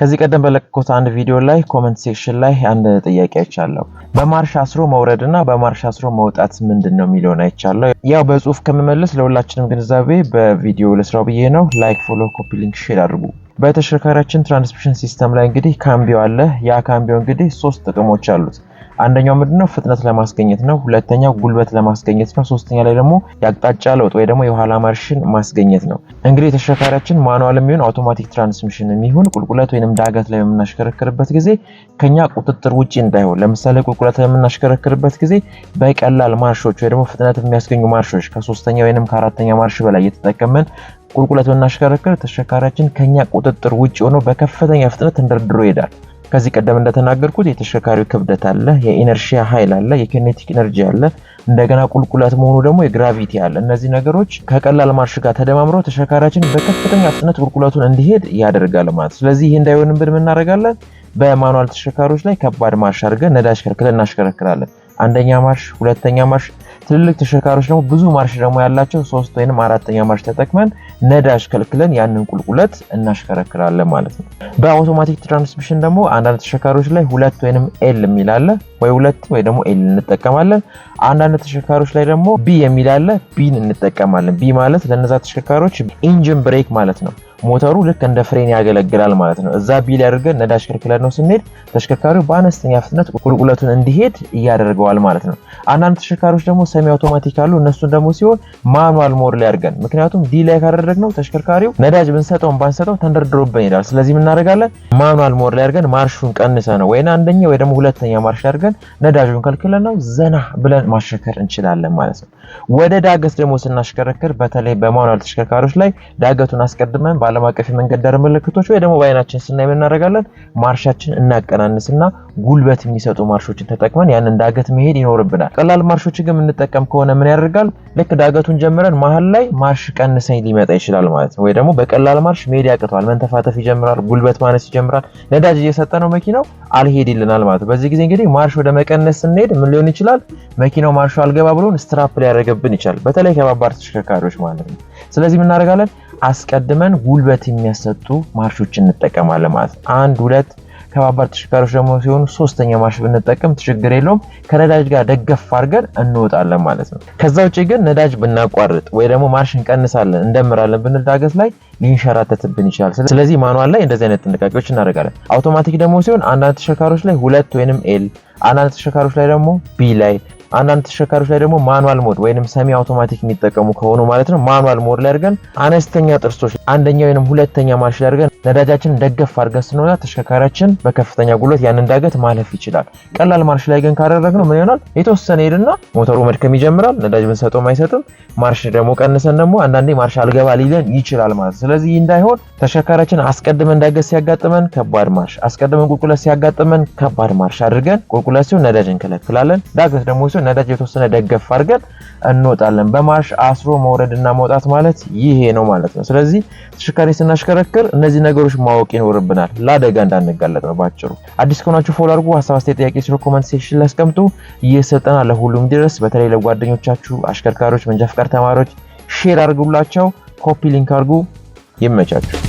ከዚህ ቀደም በለቀኩት አንድ ቪዲዮ ላይ ኮመንት ሴክሽን ላይ አንድ ጥያቄ አይቻለሁ። በማርሽ አስሮ መውረድ እና በማርሽ አስሮ መውጣት ምንድን ነው የሚለውን አይቻለሁ። ያው በጽሁፍ ከምመልስ ለሁላችንም ግንዛቤ በቪዲዮ ለስራው ብዬ ነው። ላይክ፣ ፎሎ፣ ኮፒ ሊንክ፣ ሼር አድርጉ። በተሽከርካሪያችን ትራንስሚሽን ሲስተም ላይ እንግዲህ ካምቢዮ አለ። ያ ካምቢዮ እንግዲህ ሶስት ጥቅሞች አሉት። አንደኛው ምንድነው ፍጥነት ለማስገኘት ነው። ሁለተኛው ጉልበት ለማስገኘት ነው። ሶስተኛ ላይ ደግሞ የአቅጣጫ ለውጥ ወይ ደግሞ የኋላ ማርሽን ማስገኘት ነው። እንግዲህ ተሽከርካሪያችን ማኑዋል የሚሆን አውቶማቲክ ትራንስሚሽን የሚሆን ቁልቁለት ወይንም ዳገት ላይ በምናሽከረክርበት ጊዜ ከኛ ቁጥጥር ውጭ እንዳይሆን፣ ለምሳሌ ቁልቁለት ላይ የምናሽከረክርበት ጊዜ በቀላል ማርሾች ወይ ደግሞ ፍጥነት የሚያስገኙ ማርሾች ከሶስተኛ ወይንም ከአራተኛ ማርሽ በላይ እየተጠቀመን ቁልቁለት ብናሽከረክር ተሽከርካሪያችን ከኛ ቁጥጥር ውጭ ሆኖ በከፍተኛ ፍጥነት እንደርድሮ ይሄዳል። ከዚህ ቀደም እንደተናገርኩት የተሽከርካሪው ክብደት አለ፣ የኢነርሺያ ኃይል አለ፣ የኬኔቲክ ኢነርጂ አለ፣ እንደገና ቁልቁለት መሆኑ ደግሞ የግራቪቲ አለ። እነዚህ ነገሮች ከቀላል ማርሽ ጋር ተደማምረው ተሽከርካሪያችን በከፍተኛ ፍጥነት ቁልቁለቱን እንዲሄድ ያደርጋል ማለት። ስለዚህ ይህ እንዳይሆንብን ምናደርጋለን? በማኑዋል ተሽከርካሪዎች ላይ ከባድ ማርሽ አድርገን ነዳጅ ከርክለን እናሽከረክራለን። አንደኛ ማርሽ፣ ሁለተኛ ማርሽ ትልልቅ ተሽከርካሪዎች ደግሞ ብዙ ማርሽ ደግሞ ያላቸው ሶስት ወይም አራተኛ ማርሽ ተጠቅመን ነዳጅ ከልክለን ያንን ቁልቁለት እናሽከረክራለን ማለት ነው። በአውቶማቲክ ትራንስሚሽን ደግሞ አንዳንድ ተሽከርካሪዎች ላይ ሁለት ወይም ኤል የሚል አለ። ወይ ሁለት ወይ ደግሞ ኤል እንጠቀማለን። አንዳንድ ተሽከርካሪዎች ላይ ደግሞ ቢ የሚል አለ። ቢን እንጠቀማለን። ቢ ማለት ለነዛ ተሽከርካሪዎች ኢንጂን ብሬክ ማለት ነው። ሞተሩ ልክ እንደ ፍሬን ያገለግላል ማለት ነው። እዛ ቢል ያደርገን ነዳጅ ክልክለን ነው ስንሄድ ተሽከርካሪው በአነስተኛ ፍጥነት ቁልቁለቱን እንዲሄድ እያደርገዋል ማለት ነው። አንዳንድ ተሽከርካሪዎች ደግሞ ሰሚ አውቶማቲክ አሉ። እነሱን ደግሞ ሲሆን ማኑዋል ሞድ ላይ ምክንያቱም ዲ ላይ ካደረግነው ተሽከርካሪው ነዳጅ ብንሰጠውን ባንሰጠው ተንደርድሮብን ይሄዳል። ስለዚህ ምናደርጋለን? ማኑዋል ሞድ ላይ ማርሹን ቀንሰ ነው ወይና አንደኛ ወይ ደግሞ ሁለተኛ ማርሽ ያደርገን ነዳጁን ከልክለን ነው ዘና ብለን ማሸከር እንችላለን ማለት ነው። ወደ ዳገት ደግሞ ስናሽከረክር በተለይ በማኑዋል ተሽከርካሪዎች ላይ ዳገቱን አስቀድመን በዓለም አቀፍ የመንገድ ዳር ምልክቶች ወይ ደግሞ በአይናችን ስናይ ምን እናደርጋለን? ማርሻችን እናቀናንስና ጉልበት የሚሰጡ ማርሾችን ተጠቅመን ያንን ዳገት መሄድ ይኖርብናል። ቀላል ማርሾች ግን የምንጠቀም ከሆነ ምን ያደርጋል? ልክ ዳገቱን ጀምረን መሀል ላይ ማርሽ ቀንሰኝ ሊመጣ ይችላል ማለት ነው። ወይ ደግሞ በቀላል ማርሽ መሄድ ያቅተዋል፣ መንተፋተፍ ይጀምራል፣ ጉልበት ማነስ ይጀምራል። ነዳጅ እየሰጠ ነው መኪናው አልሄድ ይልናል ማለት ነው። በዚህ ጊዜ እንግዲህ ማርሽ ወደ መቀነስ ስንሄድ ምን ሊሆን ይችላል? መኪናው ማርሹ አልገባ ብሎን ስትራፕ ሊያደርገብን ይችላል። በተለይ ከባባድ ተሽከርካሪዎች ማለት ነው። ስለዚህ ምናደርጋለን አስቀድመን ጉልበት የሚያሰጡ ማርሾችን እንጠቀማለን ማለት ነው። አንድ ሁለት ከባባድ ተሽከርካሪዎች ደግሞ ሲሆኑ ሶስተኛ ማርሽ ብንጠቀም ችግር የለውም። ከነዳጅ ጋር ደገፍ አድርገን እንወጣለን ማለት ነው። ከዛ ውጭ ግን ነዳጅ ብናቋርጥ ወይ ደግሞ ማርሽ እንቀንሳለን እንደምራለን ብንል ዳገት ላይ ሊንሸራተትብን ይችላል። ስለዚህ ማኑዋል ላይ እንደዚህ አይነት ጥንቃቄዎች እናደርጋለን። አውቶማቲክ ደግሞ ሲሆን አንዳንድ ተሽከርካሪዎች ላይ ሁለት ወይንም ኤል፣ አንዳንድ ተሽከርካሪዎች ላይ ደግሞ ቢ ላይ አንዳንድ ተሽከርካሪዎች ላይ ደግሞ ማኑዋል ሞድ ወይንም ሰሚ አውቶማቲክ የሚጠቀሙ ከሆኑ ማለት ነው ማኑዋል ሞድ ላይ አድርገን አነስተኛ ጥርሶች አንደኛ ወይንም ሁለተኛ ማርሽ ላይ አድርገን ነዳጃችን ደገፍ አድርገን ስንሆና ተሽከርካሪያችን በከፍተኛ ጉልበት ያንን ዳገት ማለፍ ይችላል። ቀላል ማርሽ ላይ ግን ካደረግነው ምን ይሆናል? የተወሰነ ሄድና ሞተሩ መድከም ይጀምራል። ነዳጅ ብንሰጠውም አይሰጥም። ማርሽ ደግሞ ቀንሰን ደግሞ አንዳንዴ ማርሽ አልገባ ሊለን ይችላል ማለት ነው። ስለዚህ እንዳይሆን ተሽከርካሪያችን አስቀድመን ዳገት ሲያጋጥመን ከባድ ማርሽ፣ አስቀድመን ቁልቁለት ሲያጋጥመን ከባድ ማርሽ አድርገን ቁልቁለት ሲሆን ነዳጅ እንከለክላለን። ዳገት ደግሞ እሱን ነዳጅ የተወሰነ ደገፍ አድርገን እንወጣለን። በማርሽ አስሮ መውረድ እና መውጣት ማለት ይሄ ነው ማለት ነው። ስለዚህ ተሽከርካሪ ስናሽከረክር እነዚህ ነገሮች ማወቅ ይኖርብናል፣ ለአደጋ እንዳንጋለጥ ነው ባጭሩ። አዲስ ከሆናችሁ ፎሎ አድርጉ። ሀሳብ አስተያየት፣ ጥያቄ ሲሉ ኮመንት ሴክሽን ላይ አስቀምጡ። ይህ ስልጠና ለሁሉም ድረስ፣ በተለይ ለጓደኞቻችሁ አሽከርካሪዎች፣ መንጃ ፍቃድ ተማሪዎች ሼር አድርጉላቸው፣ ኮፒ ሊንክ አድርጉ። ይመቻችሁ።